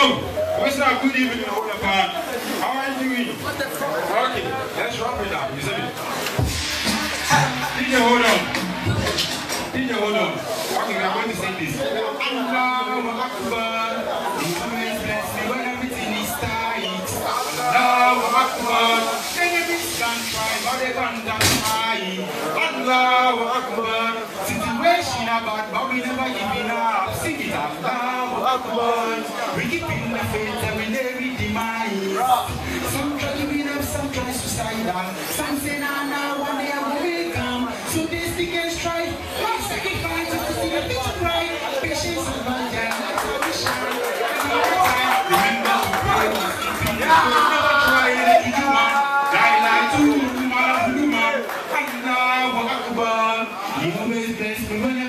Yo, what's up? Good evening, hold up, man. How are you doing? Okay, Let's wrap it up. You see me? DJ, hold on. DJ, hold on. Okay, I'm going to say this. Allahu Akbar. When everything is tight. Allahu Akbar. Enemies can try, but they can't die. Allahu Akbar. Situation about, but we never give rock We keep in the faith and we never demise. Some try to be up, some try to down. Some say nah nah, one day I will come. So this thing is strife. My sacrifice just to see the picture bright. Patience is my jam. That's how we shine. Remember to pray. Yeah. He always bless me when